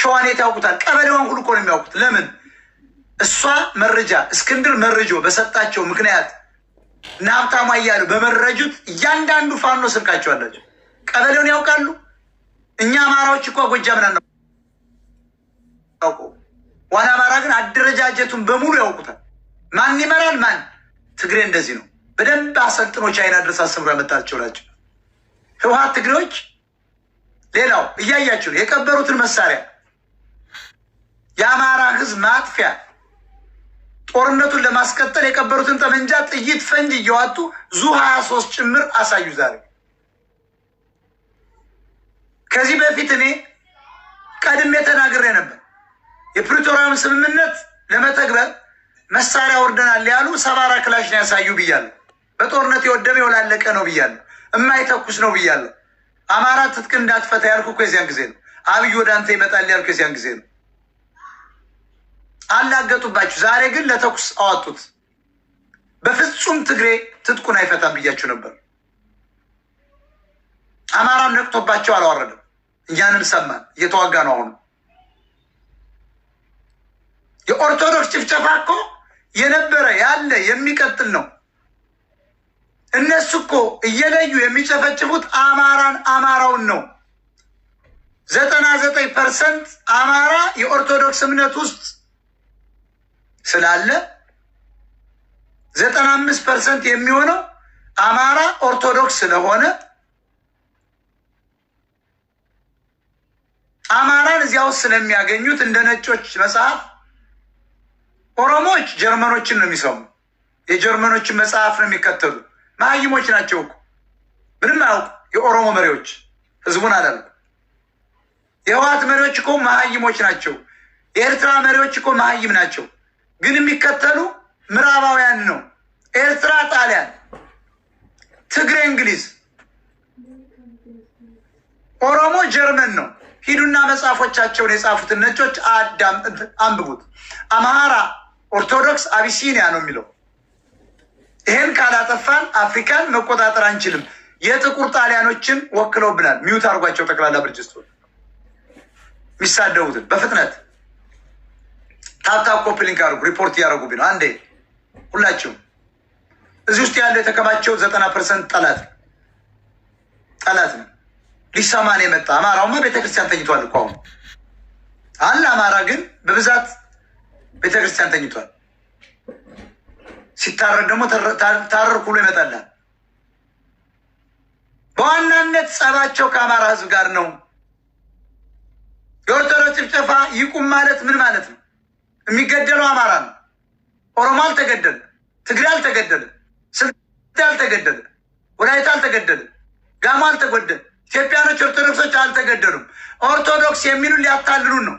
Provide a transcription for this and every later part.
ሸዋኔት ያውቁታል። ቀበሌዋን ሁሉ እኮ ነው የሚያውቁት። ለምን እሷ መረጃ እስክንድር መረጆ በሰጣቸው ምክንያት እና ሀብታሙ በመረጁት እያንዳንዱ ፋኖ ስልካቸው አላቸው። ቀበሌውን ያውቃሉ። እኛ አማራዎች እኮ ጎጃምን አናውቀው። ዋና አማራ ግን አደረጃጀቱን በሙሉ ያውቁታል። ማን ይመራል ማን። ትግሬ እንደዚህ ነው። በደንብ አሰልጥኖች አይና ድረስ አስተምሮ ያመጣቸው ናቸው። ህወሓት ትግሬዎች ሌላው እያያችሁ ነው የቀበሩትን መሳሪያ የአማራ ህዝብ ማጥፊያ ጦርነቱን ለማስቀጠል የቀበሩትን ጠመንጃ፣ ጥይት፣ ፈንጅ እየዋጡ ዙ ሀያ ሶስት ጭምር አሳዩ። ዛሬ ከዚህ በፊት እኔ ቀድሜ ተናግሬ ነበር። የፕሪቶሪያውን ስምምነት ለመተግበር መሳሪያ ወርደናል ያሉ ሰባራ ክላሽን ነው ያሳዩ ብያለሁ። በጦርነት የወደመ የወላለቀ ነው ብያለሁ። የማይተኩስ ነው ብያለሁ። አማራ ትጥቅ እንዳትፈታ ያልኩ እኮ የዚያን ጊዜ ነው። አብይ ወደ አንተ ይመጣል ያልኩ የዚያን ጊዜ ነው። አላገጡባችሁ። ዛሬ ግን ለተኩስ አዋጡት። በፍጹም ትግሬ ትጥቁን አይፈታም ብያችሁ ነበር። አማራን ነቅቶባቸው አላወረደም። እኛንም ሰማን፣ እየተዋጋ ነው። አሁኑ የኦርቶዶክስ ጭፍጨፋ እኮ የነበረ ያለ የሚቀጥል ነው። እነሱ እኮ እየለዩ የሚጨፈጭፉት አማራን አማራውን ነው። ዘጠና ዘጠኝ ፐርሰንት አማራ የኦርቶዶክስ እምነት ውስጥ ስላለ ዘጠና አምስት ፐርሰንት የሚሆነው አማራ ኦርቶዶክስ ስለሆነ አማራን እዚያ ውስጥ ስለሚያገኙት እንደ ነጮች መጽሐፍ ኦሮሞዎች ጀርመኖችን ነው የሚሰሙ፣ የጀርመኖችን መጽሐፍ ነው የሚከተሉ። መሀይሞች ናቸው እኮ ምንም አያውቁ። የኦሮሞ መሪዎች ህዝቡን አላሉ። የህወሓት መሪዎች እኮ መሀይሞች ናቸው። የኤርትራ መሪዎች እኮ መሀይም ናቸው፣ ግን የሚከተሉ ምዕራባውያን ነው። ኤርትራ ጣሊያን፣ ትግሬ እንግሊዝ፣ ኦሮሞ ጀርመን ነው። ሂዱና መጽሐፎቻቸውን የጻፉትን ነጮች አዳም አንብቡት። አማራ ኦርቶዶክስ አቢሲኒያ ነው የሚለው ይህን ካላጠፋን አፍሪካን መቆጣጠር አንችልም። የጥቁር ጣሊያኖችን ወክለው ብናል። ሚዩት አድርጓቸው ጠቅላላ ብርጅስቶ የሚሳደቡትን በፍጥነት ታፕታፕ ኮፕሊንክ አድርጉ፣ ሪፖርት እያደረጉብኝ ነው። አንዴ ሁላችሁም እዚህ ውስጥ ያለው የተከማቸው ዘጠና ፐርሰንት ጠላት ጠላት ነው። ሊሰማን የመጣ አማራውማ ቤተክርስቲያን ተኝቷል እኮ አሁን አለ አማራ ግን በብዛት ቤተክርስቲያን ተኝቷል። ሲታረቅ ደግሞ ታረኩ ብሎ ይመጣላል። በዋናነት ጸባቸው ከአማራ ህዝብ ጋር ነው። የኦርቶዶክስ ጭፍጨፋ ይቁም ማለት ምን ማለት ነው? የሚገደለው አማራ ነው። ኦሮሞ አልተገደለ፣ ትግሬ አልተገደለ፣ ስልጤ አልተገደለ፣ ወላይታ አልተገደለ፣ ጋማ አልተጎደለ፣ ኢትዮጵያኖች ኦርቶዶክሶች አልተገደሉም። ኦርቶዶክስ የሚሉን ሊያታልሉን ነው።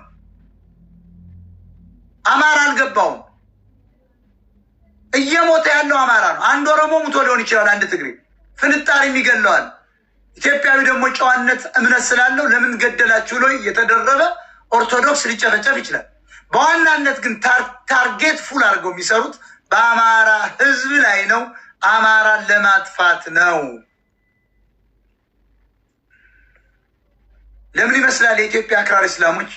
አማራ አልገባውም። እየሞተ ያለው አማራ ነው። አንድ ኦሮሞ ሙቶ ሊሆን ይችላል፣ አንድ ትግሬ ፍንጣሪ የሚገለዋል። ኢትዮጵያዊ ደግሞ ጨዋነት እምነት ስላለው ለምን ገደላችሁ ነው የተደረበ ኦርቶዶክስ ሊጨፈጨፍ ይችላል። በዋናነት ግን ታርጌት ፉል አድርገው የሚሰሩት በአማራ ህዝብ ላይ ነው። አማራን ለማጥፋት ነው። ለምን ይመስላል የኢትዮጵያ አክራሪ እስላሞች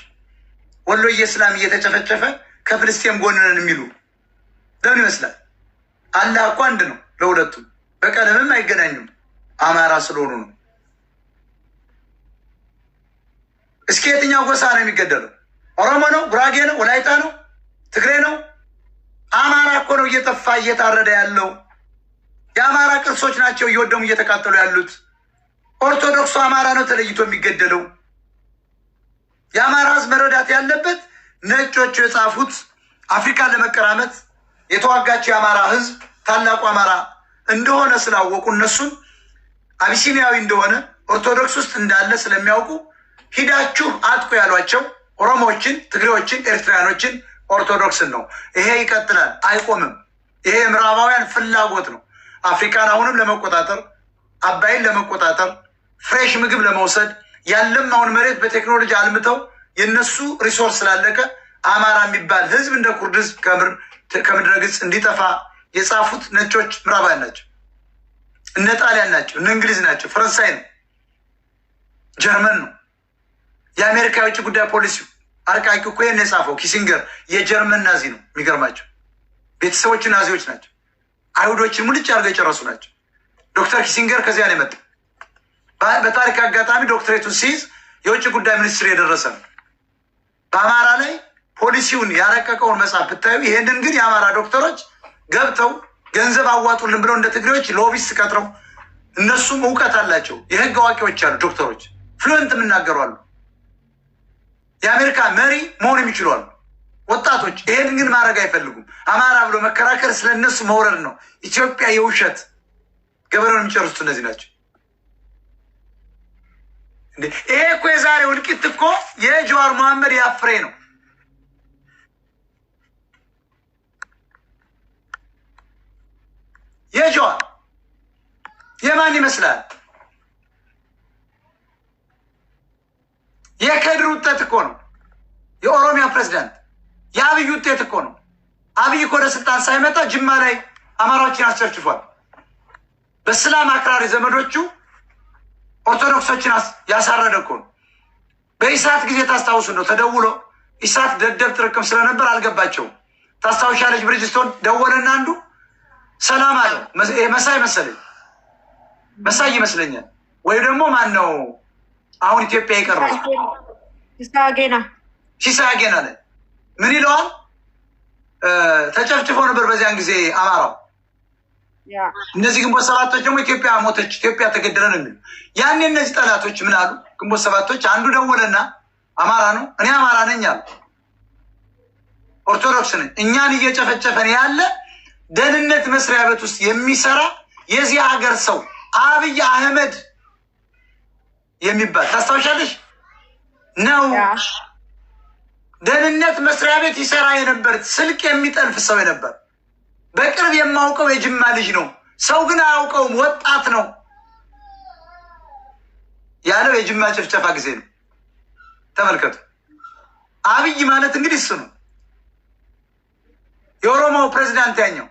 ወሎ የእስላም እየተጨፈጨፈ ከፍልስጤም ጎን የሚሉ ለምን ይመስላል? አላህ እኮ አንድ ነው። ለሁለቱም በቀለምም አይገናኙም። አማራ ስለሆኑ ነው። እስኪ የትኛው ጎሳ ነው የሚገደለው? ኦሮሞ ነው? ጉራጌ ነው? ወላይታ ነው? ትግሬ ነው? አማራ እኮ ነው እየጠፋ እየታረደ ያለው። የአማራ ቅርሶች ናቸው እየወደሙ እየተቃጠሉ ያሉት። ኦርቶዶክሱ አማራ ነው ተለይቶ የሚገደለው። የአማራ ህዝብ መረዳት ያለበት ነጮቹ የጻፉት አፍሪካን ለመቀራመት የተዋጋቸው የአማራ ህዝብ ታላቁ አማራ እንደሆነ ስላወቁ እነሱን አቢሲኒያዊ እንደሆነ ኦርቶዶክስ ውስጥ እንዳለ ስለሚያውቁ ሂዳችሁ አጥቁ ያሏቸው ኦሮሞዎችን፣ ትግሬዎችን፣ ኤርትራያኖችን ኦርቶዶክስን ነው። ይሄ ይቀጥላል፣ አይቆምም። ይሄ የምዕራባውያን ፍላጎት ነው። አፍሪካን አሁንም ለመቆጣጠር አባይን ለመቆጣጠር ፍሬሽ ምግብ ለመውሰድ ያለማውን መሬት በቴክኖሎጂ አልምተው የነሱ ሪሶርስ ስላለቀ አማራ የሚባል ህዝብ እንደ ኩርድ ህዝብ ከምር ከምድረ ግጽ እንዲጠፋ የጻፉት ነጮች ምዕራባውያን ናቸው። እነ ጣሊያን ናቸው፣ እነ እንግሊዝ ናቸው፣ ፈረንሳይ ነው፣ ጀርመን ነው። የአሜሪካ የውጭ ጉዳይ ፖሊሲ አርቃቂ እኮ ይህን የጻፈው ኪሲንገር የጀርመን ናዚ ነው። የሚገርማቸው ቤተሰቦች ናዚዎች ናቸው። አይሁዶችን ሙልጭ አድርገው የጨረሱ ናቸው። ዶክተር ኪሲንገር ከዚያ ነው የመጣ። በታሪክ አጋጣሚ ዶክትሬቱን ሲይዝ የውጭ ጉዳይ ሚኒስትር የደረሰ ነው በአማራ ላይ ፖሊሲውን ያረቀቀውን መጽሐፍ ብታዩ፣ ይሄንን ግን የአማራ ዶክተሮች ገብተው ገንዘብ አዋጡልን ብለው እንደ ትግሬዎች ሎቢስት ቀጥረው እነሱም እውቀት አላቸው። የህግ አዋቂዎች አሉ፣ ዶክተሮች ፍሉንት የምናገሩ አሉ፣ የአሜሪካ መሪ መሆን የሚችሉ አሉ። ወጣቶች ይሄን ግን ማድረግ አይፈልጉም። አማራ ብሎ መከራከር እነሱ መውረድ ነው። ኢትዮጵያ የውሸት ገበሬውን የሚጨርሱት እነዚህ ናቸው። ይሄ እኮ የዛሬው እልቂት እኮ የጀዋር መሐመድ ያፍሬ ነው። የጆን የማን ይመስላል? የከድር ውጤት እኮ ነው። የኦሮሚያ ፕሬዚዳንት የአብይ ውጤት እኮ ነው። አብይ እኮ ወደ ስልጣን ሳይመጣ ጅማ ላይ አማራዎችን አስጨፍጭፏል። በእስላም አክራሪ ዘመዶቹ ኦርቶዶክሶችን ያሳረደ እኮ ነው። በኢሳት ጊዜ ታስታውሱ ነው ተደውሎ ኢሳት ደደብ ጥርቅም ስለነበር አልገባቸውም። ታስታውሻለች። ብርጅስቶን ደወለና አንዱ ሰላም አለ። መሳይ መሰለኝ መሳይ ይመስለኛል። ወይ ደግሞ ማን ነው አሁን ኢትዮጵያ የቀረው ሲሳጌና ሲሳጌና ላይ ምን ይለዋል? ተጨፍጭፎ ነበር በዚያን ጊዜ አማራው። እነዚህ ግንቦት ሰባቶች ደግሞ ኢትዮጵያ ሞተች፣ ኢትዮጵያ ተገደለ ነው የሚሉ ያኔ እነዚህ ጠላቶች ምን አሉ? ግንቦት ሰባቶች አንዱ ደወለና አማራ ነው እኔ አማራ ነኝ አሉ። ኦርቶዶክስ ነኝ እኛን እየጨፈጨፈን ያለ ደህንነት መስሪያ ቤት ውስጥ የሚሰራ የዚህ ሀገር ሰው አብይ አህመድ የሚባል ታስታውሻለሽ? ነው ደህንነት መስሪያ ቤት ይሰራ የነበር ስልክ የሚጠልፍ ሰው ነበር። በቅርብ የማውቀው የጅማ ልጅ ነው። ሰው ግን አያውቀውም፣ ወጣት ነው ያለው የጅማ ጭፍጨፋ ጊዜ ነው። ተመልከቱ። አብይ ማለት እንግዲህ እሱ ነው፣ የኦሮሞው ፕሬዚዳንት ያኛው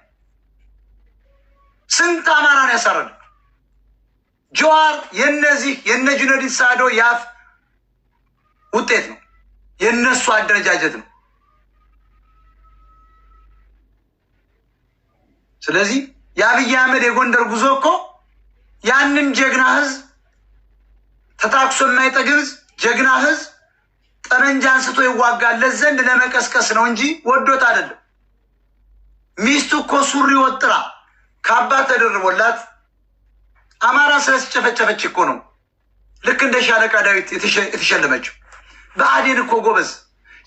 ስንት አማራን ያሳረደ ጀዋር የነዚህ የነ ጁነዲን ሳዶ የአፍ ውጤት ነው። የነሱ አደረጃጀት ነው። ስለዚህ የአብይ አህመድ የጎንደር ጉዞ እኮ ያንን ጀግና ህዝብ ተታክሶ የማይጠግብ ጀግና ህዝብ ጠመንጃ አንስቶ ይዋጋለት ዘንድ ለመቀስቀስ ነው እንጂ ወዶት አይደለም። ሚስቱ እኮ ሱሪ ወጥራ ከአባት ተደርቦላት አማራ ስለስጨፈጨፈች እኮ ነው። ልክ እንደ ሻለቃ ዳዊት የተሸለመችው በአዴን እኮ ጎበዝ፣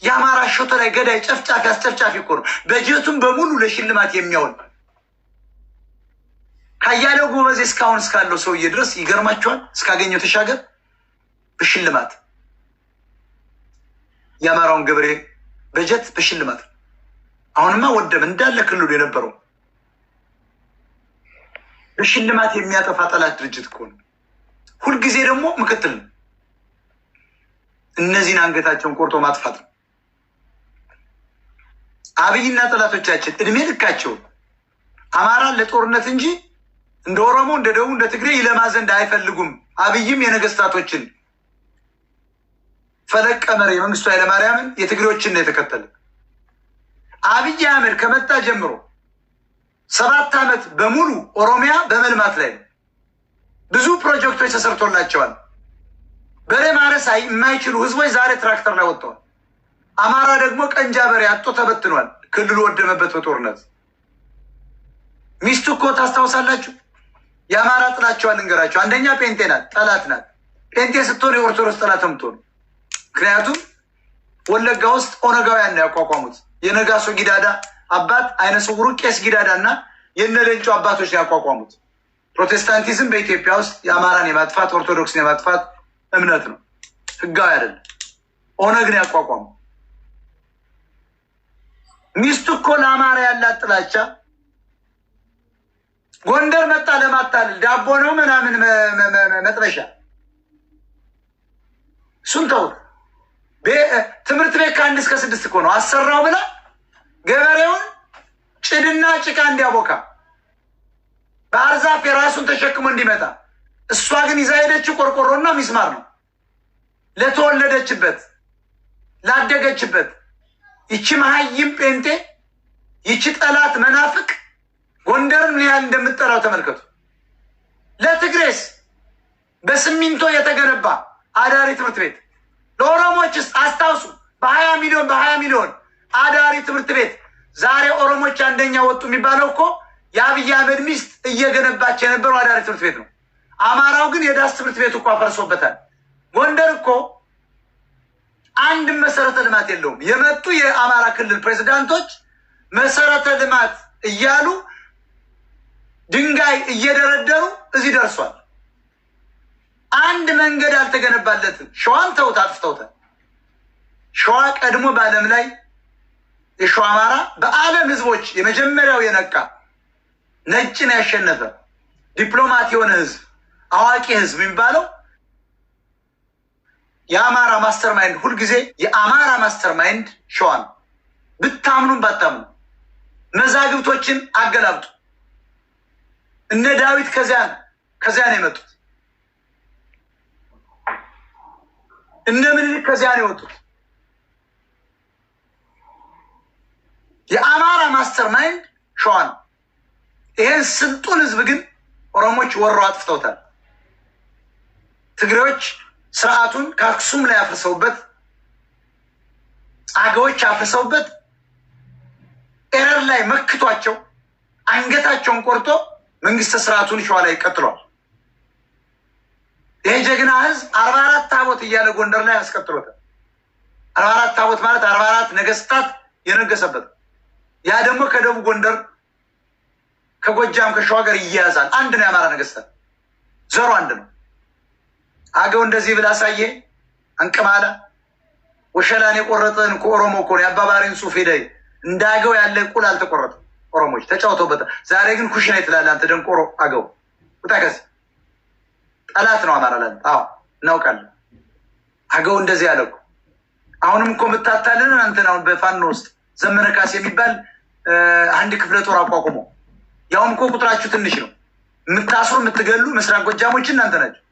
የአማራ ሾቶ ላይ ገዳይ፣ ጨፍጫፊ፣ አስጨፍጫፊ እኮ ነው። በጀቱም በሙሉ ለሽልማት የሚያውል ካያሌው ጎበዝ እስካሁን እስካለው ሰውዬ ድረስ ይገርማቸዋል። እስካገኘው ተሻገር በሽልማት የአማራውን ገበሬ በጀት በሽልማት አሁንማ ወደም እንዳለ ክልሉ የነበረው በሽልማት የሚያጠፋ ጠላት ድርጅት ከሆነ ሁልጊዜ ደግሞ ምክትል ነው። እነዚህን አንገታቸውን ቆርጦ ማጥፋት ነው። አብይና ጠላቶቻችን እድሜ ልካቸው አማራን ለጦርነት እንጂ እንደ ኦሮሞ፣ እንደ ደቡብ፣ እንደ ትግሬ ይለማ ዘንድ አይፈልጉም። አብይም የነገስታቶችን ፈለቀ መሪ የመንግስቱ ኃይለማርያምን የትግሬዎችን ነው የተከተለ። አብይ አህመድ ከመጣ ጀምሮ ሰባት ዓመት በሙሉ ኦሮሚያ በመልማት ላይ ነው። ብዙ ፕሮጀክቶች ተሰርቶላቸዋል። በሬ ማረስ የማይችሉ ህዝቦች ዛሬ ትራክተር ላይ ወጥተዋል። አማራ ደግሞ ቀንጃ በሬ አጥቶ ተበትኗል። ክልሉ ወደመበት በጦርነት ሚስቱ እኮ ታስታውሳላችሁ። የአማራ ጥላቸዋ ልንገራቸው፣ አንደኛ ጴንጤ ናት፣ ጠላት ናት። ጴንጤ ስትሆን የኦርቶዶክስ ጠላት ምትሆን። ምክንያቱም ወለጋ ውስጥ ኦነጋውያን ነው ያቋቋሙት የነጋሶ ጊዳዳ አባት አይነ ስውሩ ቄስ ጊዳዳና የነሌንጮ አባቶች ያቋቋሙት ፕሮቴስታንቲዝም በኢትዮጵያ ውስጥ የአማራን የማጥፋት ኦርቶዶክስን የማጥፋት እምነት ነው። ህጋዊ አይደለም። ኦነግን ያቋቋሙ ሚስቱ እኮ ለአማራ ያላት ጥላቻ ጎንደር መጣ ለማታለል ዳቦ ነው ምናምን መጥበሻ እሱን ተውት። ትምህርት ቤት ከአንድ እስከ ስድስት እኮ ነው አሰራው ብላ ገበሬውን ጭድና ጭቃ እንዲያቦካ በአርዛፍ የራሱን ተሸክሞ እንዲመጣ፣ እሷ ግን ይዛ ሄደችው ቆርቆሮና ሚስማር ነው። ለተወለደችበት ላደገችበት ይቺ መሀይም ጴንጤ ይቺ ጠላት መናፍቅ ጎንደርን ምን ያህል እንደምጠራው ተመልከቱ። ለትግሬስ በስሚንቶ የተገነባ አዳሪ ትምህርት ቤት ለኦሮሞችስ አስታውሱ። በሀያ ሚሊዮን በሀያ ሚሊዮን አዳሪ ትምህርት ቤት ዛሬ ኦሮሞች አንደኛ ወጡ የሚባለው እኮ የአብይ አህመድ ሚስት እየገነባቸው የነበረው አዳሪ ትምህርት ቤት ነው። አማራው ግን የዳስ ትምህርት ቤት እኳ ፈርሶበታል። ጎንደር እኮ አንድም መሰረተ ልማት የለውም። የመጡ የአማራ ክልል ፕሬዚዳንቶች መሰረተ ልማት እያሉ ድንጋይ እየደረደሩ እዚህ ደርሷል። አንድ መንገድ አልተገነባለትም። ሸዋን ተውት፣ አጥፍተውታል። ሸዋ ቀድሞ በዓለም ላይ የሸዋ አማራ በዓለም ህዝቦች የመጀመሪያው የነቃ ነጭን ያሸነፈ ዲፕሎማት የሆነ ህዝብ አዋቂ ህዝብ የሚባለው የአማራ ማስተር ማይንድ ሁልጊዜ የአማራ ማስተር ማይንድ ሸዋ ነው። ብታምኑም ባታምኑ መዛግብቶችን አገላብጡ። እነ ዳዊት ከዚያን ከዚያን የመጡት። እነ ምኒልክ ከዚያ የወጡት። ማስተር ማይንድ ሸዋ ነው። ይሄን ስልጡን ህዝብ ግን ኦሮሞች ወረው አጥፍተውታል። ትግሬዎች ስርዓቱን ከአክሱም ላይ አፍርሰውበት፣ አገዎች አፍርሰውበት፣ ኤረር ላይ መክቷቸው አንገታቸውን ቆርጦ መንግስተ ስርዓቱን ሸዋ ላይ ቀጥሏል። ይሄ ጀግና ህዝብ አርባ አራት ታቦት እያለ ጎንደር ላይ አስቀጥሎታል። አርባ አራት ታቦት ማለት አርባ አራት ነገስታት የነገሰበት ያ ደግሞ ከደቡብ ጎንደር ከጎጃም ከሸዋ ጋር ይያያዛል። አንድ ነው። የአማራ ነገስታት ዘሩ አንድ ነው። አገው እንደዚህ ብላ አሳየ አንቅማላ ወሸላን የቆረጠን ከኦሮሞ እኮ ነው። የአባባሪን ጽሁፍ ሄደ እንደ አገው ያለ ቁል አልተቆረጠም። ኦሮሞች ተጫውተውበታል። ዛሬ ግን ኩሽና ትላለህ አንተ ደንቆሮ አገው ውጣ ከዚህ ጠላት ነው አማራ ላለ አዎ እናውቃለን። አገው እንደዚህ ያለ አሁንም እኮ ምታታልን አንተን አሁን በፋኖ ውስጥ ዘመነ ካሴ የሚባል አንድ ክፍለ ጦር አቋቁሞ ያውም እኮ ቁጥራችሁ ትንሽ ነው። የምታስሩ የምትገሉ ምስራቅ ጎጃሞች እናንተ ናቸው።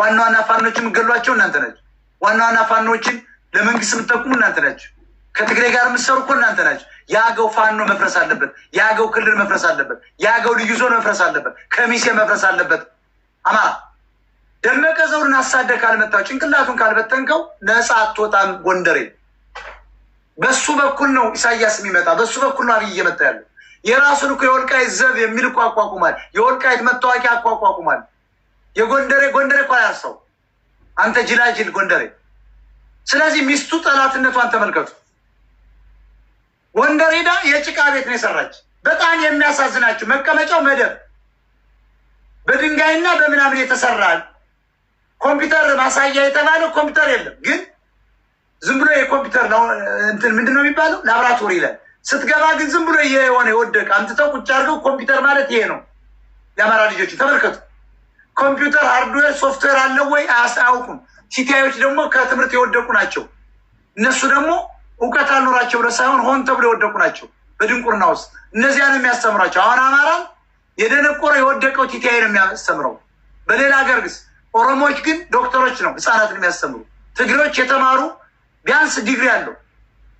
ዋና ዋና ፋኖች የምገሏቸው እናንተ ናቸው። ዋና ዋና ፋኖችን ለመንግስት የምትጠቁሙ እናንተ ናቸው። ከትግሬ ጋር የምትሰሩ እኮ እናንተ ናቸው። የአገው ፋኖ መፍረስ አለበት። የአገው ክልል መፍረስ አለበት። የአገው ልዩ ዞን መፍረስ አለበት። ከሚሴ መፍረስ አለበት። አማራ ደመቀ ዘውድን አሳደ ካልመታው ጭንቅላቱን ካልበተንከው ነፃ አትወጣም ጎንደሬ በሱ በኩል ነው ኢሳያስ የሚመጣ፣ በሱ በኩል ነው አብይ እየመጣ ያለው። የራሱን እኮ የወልቃይት ዘብ የሚል እኮ አቋቁሟል። የወልቃይት መታወቂያ እኮ አቋቁሟል። የጎንደሬ ጎንደሬ እኮ አያርሰው አንተ ጅላጅል ጎንደሬ። ስለዚህ ሚስቱ ጠላትነቷን ተመልከቱ። ጎንደሬዳ የጭቃ ቤት ነው የሰራች። በጣም የሚያሳዝናችሁ መቀመጫው መደብ በድንጋይና በምናምን የተሰራ ኮምፒውተር ማሳያ የተባለ ኮምፒውተር የለም ግን ዝም ብሎ የኮምፒውተር እንትን ምንድን ነው የሚባለው ላብራቶሪ ይላል። ስትገባ ግን ዝም ብሎ የሆነ የወደቀ አምጥተው ቁጭ አድርገው ኮምፒውተር ማለት ይሄ ነው። የአማራ ልጆች ተመልከቱ። ኮምፒውተር ሃርድዌር ሶፍትዌር አለው ወይ አያውቁም። ሲቲያዮች ደግሞ ከትምህርት የወደቁ ናቸው። እነሱ ደግሞ እውቀት አልኖራቸው ብለ ሳይሆን ሆን ተብሎ የወደቁ ናቸው። በድንቁርና ውስጥ እነዚያ ነው የሚያስተምራቸው። አሁን አማራን የደነቆረ የወደቀው ቲቲያይ ነው የሚያስተምረው። በሌላ ሀገር ግስ ኦሮሞዎች ግን ዶክተሮች ነው ህፃናትን የሚያስተምሩ። ትግሬዎች የተማሩ ቢያንስ ዲግሪ አለው።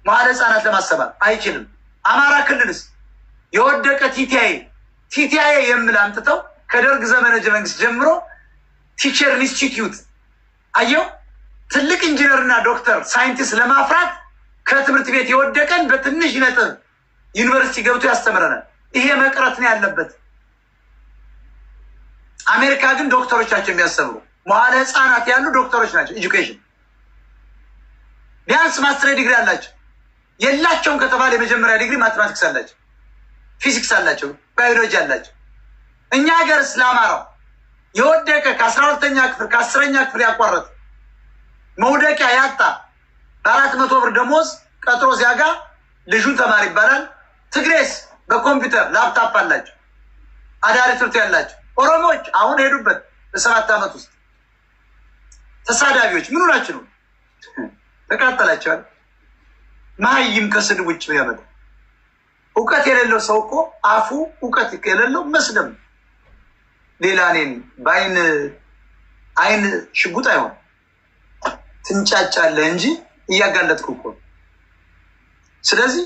መዋለ ህፃናት ለማሰባል አይችልም። አማራ ክልልስ የወደቀ ቲቲአይ ቲቲአይ የምል አምጥተው ከደርግ ዘመነ መንግስት ጀምሮ ቲቸር ኢንስቲትዩት አየው ትልቅ ኢንጂነርና ዶክተር ሳይንቲስት ለማፍራት ከትምህርት ቤት የወደቀን በትንሽ ነጥብ ዩኒቨርሲቲ ገብቶ ያስተምረናል። ይሄ መቅረት ነው ያለበት። አሜሪካ ግን ዶክተሮቻቸው የሚያስተምሩ መዋለ ህፃናት ያሉ ዶክተሮች ናቸው። ኤጁኬሽን ቢያንስ ማስትሬ ዲግሪ አላቸው። የላቸውም ከተባለ የመጀመሪያ ዲግሪ ማትማቲክስ አላቸው፣ ፊዚክስ አላቸው፣ ባዮሎጂ አላቸው። እኛ ሀገር ስለአማራው የወደቀ ከአስራ ሁለተኛ ክፍል ከአስረኛ ክፍል ያቋረጠ መውደቂያ ያጣ በአራት መቶ ብር ደሞዝ ቀጥሮ ሲያጋ ልጁን ተማሪ ይባላል። ትግሬስ በኮምፒውተር ላፕታፕ አላቸው፣ አዳሪ ትርቱ ያላቸው። ኦሮሞዎች አሁን ሄዱበት በሰባት ዓመት ውስጥ ተሳዳቢዎች ምኑ ናቸው ነው ተቃጠላቸዋል። መሀይም ከስድ ውጭ ያመጣ እውቀት የሌለው ሰው እኮ አፉ እውቀት የሌለው መስደብ ሌላ እኔን በአይን አይን ሽጉጥ አይሆን ትንጫጫለህ እንጂ እያጋለጥኩ እኮ ስለዚህ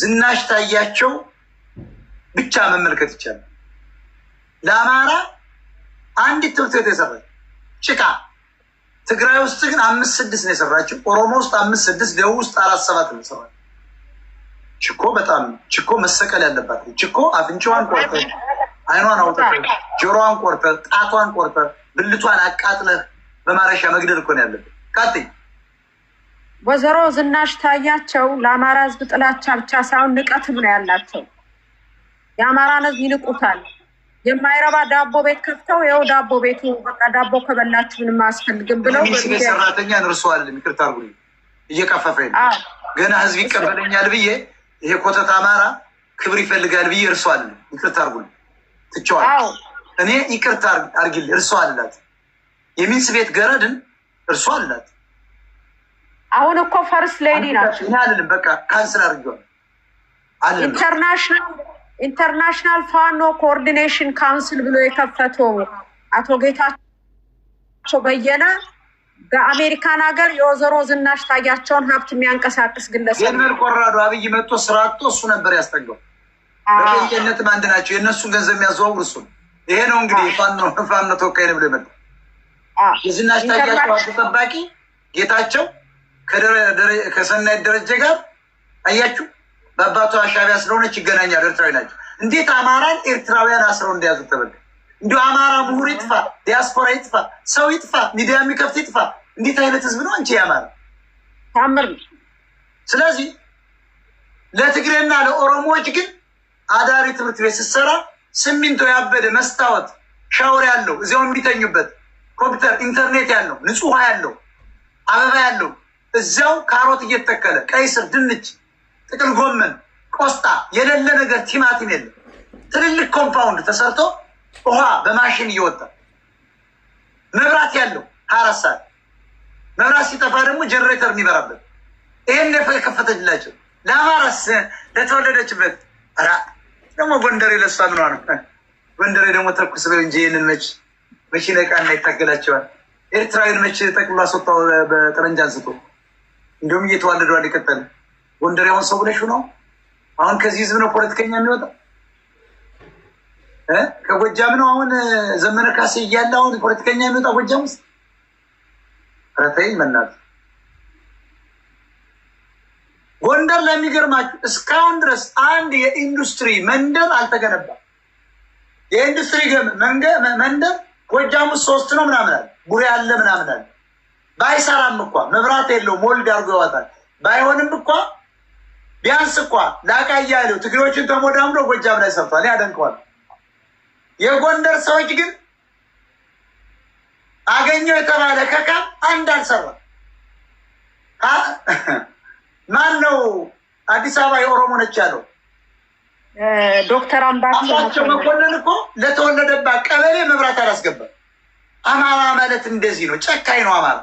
ዝናሽ ታያቸው ብቻ መመልከት ይቻላል። ለአማራ አንዲት ትምህርት ቤት የሰራች ጭቃ ትግራይ ውስጥ ግን አምስት ስድስት ነው የሰራችው። ኦሮሞ ውስጥ አምስት ስድስት፣ ደቡብ ውስጥ አራት ሰባት ነው የሰራችው። ችኮ በጣም ችኮ መሰቀል ያለባት ችኮ አፍንጫዋን ቆርጠ፣ አይኗን አውጠ፣ ጆሮዋን ቆርጠ፣ ጣቷን ቆርጠ፣ ብልቷን አቃጥለህ በማረሻ መግደል እኮ ነው ያለብህ። ቃጤ ወይዘሮ ዝናሽ ታያቸው ለአማራ ህዝብ ጥላቻ ብቻ ሳይሆን ንቀትም ነው ያላቸው። የአማራን ህዝብ ይንቁታል። የማይረባ ዳቦ ቤት ከፍተው ይኸው ዳቦ ቤቱ በቃ ዳቦ ከበላችሁ ምንም አያስፈልግም ብለው ሰራተኛ እርሰዋል። ይቅርታ አድርጉልኝ፣ እየቀፈፈኝ ገና ህዝብ ይቀበለኛል ብዬ ይሄ ኮተት አማራ ክብር ይፈልጋል ብዬ እርሷል። ይቅርታ አድርጉልኝ፣ ትቸዋል። እኔ ይቅርታ አድርጊልኝ፣ እርሷ አላት። የሚንስ ቤት ገረድን እርሷ አላት። አሁን እኮ ፈርስት ሌዲ ናቸው። ይህ አልልም፣ በቃ ካንስል አድርጊዋል። ኢንተርናሽናል ኢንተርናሽናል ፋኖ ኮኦርዲኔሽን ካውንስል ብሎ የከፈተው አቶ ጌታቸው በየነ በአሜሪካን ሀገር የወይዘሮ ዝናሽ ታያቸውን ሀብት የሚያንቀሳቅስ ግለሰብ ጀነራል ቆራዶ አብይ መጥቶ ስራ አጥቶ እሱ ነበር ያስጠገው። በየነትም አንድ ናቸው። የእነሱን ገንዘብ የሚያዘዋውር እሱ ይሄ ነው እንግዲህ ፋኖ ፋኖ ተወካይ ነው ብሎ ይመጣ የዝናሽ ታያቸው ሀብት ጠባቂ ጌታቸው ከሰናይት ደረጀ ጋር አያችሁ በአባቷ ሻቢያ ስለሆነች ይገናኛል ኤርትራዊ ናቸው። እንዴት አማራን ኤርትራውያን አስረው እንደያዙ ተበል እንዲ አማራ ምሁር ይጥፋ፣ ዲያስፖራ ይጥፋ፣ ሰው ይጥፋ፣ ሚዲያ የሚከፍት ይጥፋ። እንዴት አይነት ህዝብ ነው አንቺ የአማራ ታምር። ስለዚህ ለትግሬና ለኦሮሞዎች ግን አዳሪ ትምህርት ቤት ስትሰራ ስሚንቶ ያበደ መስታወት ሻወር ያለው እዚያው የሚተኙበት ኮምፒውተር ኢንተርኔት ያለው ንጹህ ያለው አበባ ያለው እዚያው ካሮት እየተተከለ ቀይ ስር ድንች ጥቅል ጎመን፣ ቆስጣ የሌለ ነገር ቲማቲም የለም። ትልልቅ ኮምፓውንድ ተሰርቶ ውሃ በማሽን እየወጣ መብራት ያለው አራት ሰዓት መብራት ሲጠፋ ደግሞ ጀነሬተር የሚበራበት ይህን የከፈተችላቸው ለአማራስ ለተወለደችበት ራ ደግሞ ጎንደሬ ለሷ ምኗ ነው? ጎንደሬ ደግሞ ተኩስ ብል እንጂ ይህንን መች መቼ ነቃና ይታገላቸዋል። ኤርትራዊን መች ጠቅሎ አስወጣው በጠረንጃ አንስቶ እንዲሁም እየተዋለደዋል ይቀጠል የሆን ሰው ብለሽ ነው አሁን ከዚህ ህዝብ ነው ፖለቲከኛ የሚወጣ ከጎጃም ነው አሁን ዘመነ ካሴ እያለ አሁን ፖለቲከኛ የሚወጣ ጎጃም ውስጥ ረተይ መናት ጎንደር ለሚገርማችሁ እስካሁን ድረስ አንድ የኢንዱስትሪ መንደር አልተገነባም የኢንዱስትሪ መንደር ጎጃም ውስጥ ሶስት ነው ምናምን አለ ቡሬ አለ ምናምን አለ ባይሰራም እኳ መብራት የለውም ወልድ አድርጎ ይዋጣል። ባይሆንም እኳ። ቢያንስ እኳ ላቃ እያለው ትግሬዎችን ተሞዳምዶ ጎጃም ላይ ሰብቷል፣ ያደንቀዋል። የጎንደር ሰዎች ግን አገኘው የተባለ ከካ አንድ አልሰራ። ማን ነው አዲስ አበባ የኦሮሞ ነች ያለው? ዶክተር አምባቸው መኮንን እኮ ለተወለደባት ቀበሌ መብራት አላስገባም። አማራ ማለት እንደዚህ ነው። ጨካኝ ነው። አማራ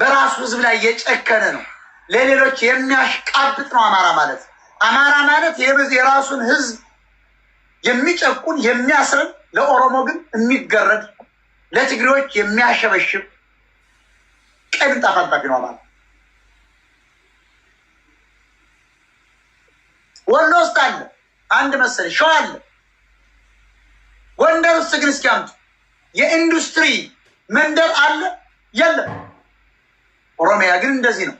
በራሱ ህዝብ ላይ እየጨከነ ነው። ለሌሎች የሚያሽቃብጥ ነው አማራ ማለት። አማራ ማለት የራሱን ህዝብ የሚጨቁን የሚያስርን ለኦሮሞ ግን የሚገረድ፣ ለትግሬዎች የሚያሸበሽብ ቀይ ምንጣፍ ነው አማራ። ወሎ ውስጥ አለ አንድ መሰለ፣ ሸዋ አለ፣ ጎንደር ውስጥ ግን እስኪያምጡ የኢንዱስትሪ መንደር አለ የለም። ኦሮሚያ ግን እንደዚህ ነው።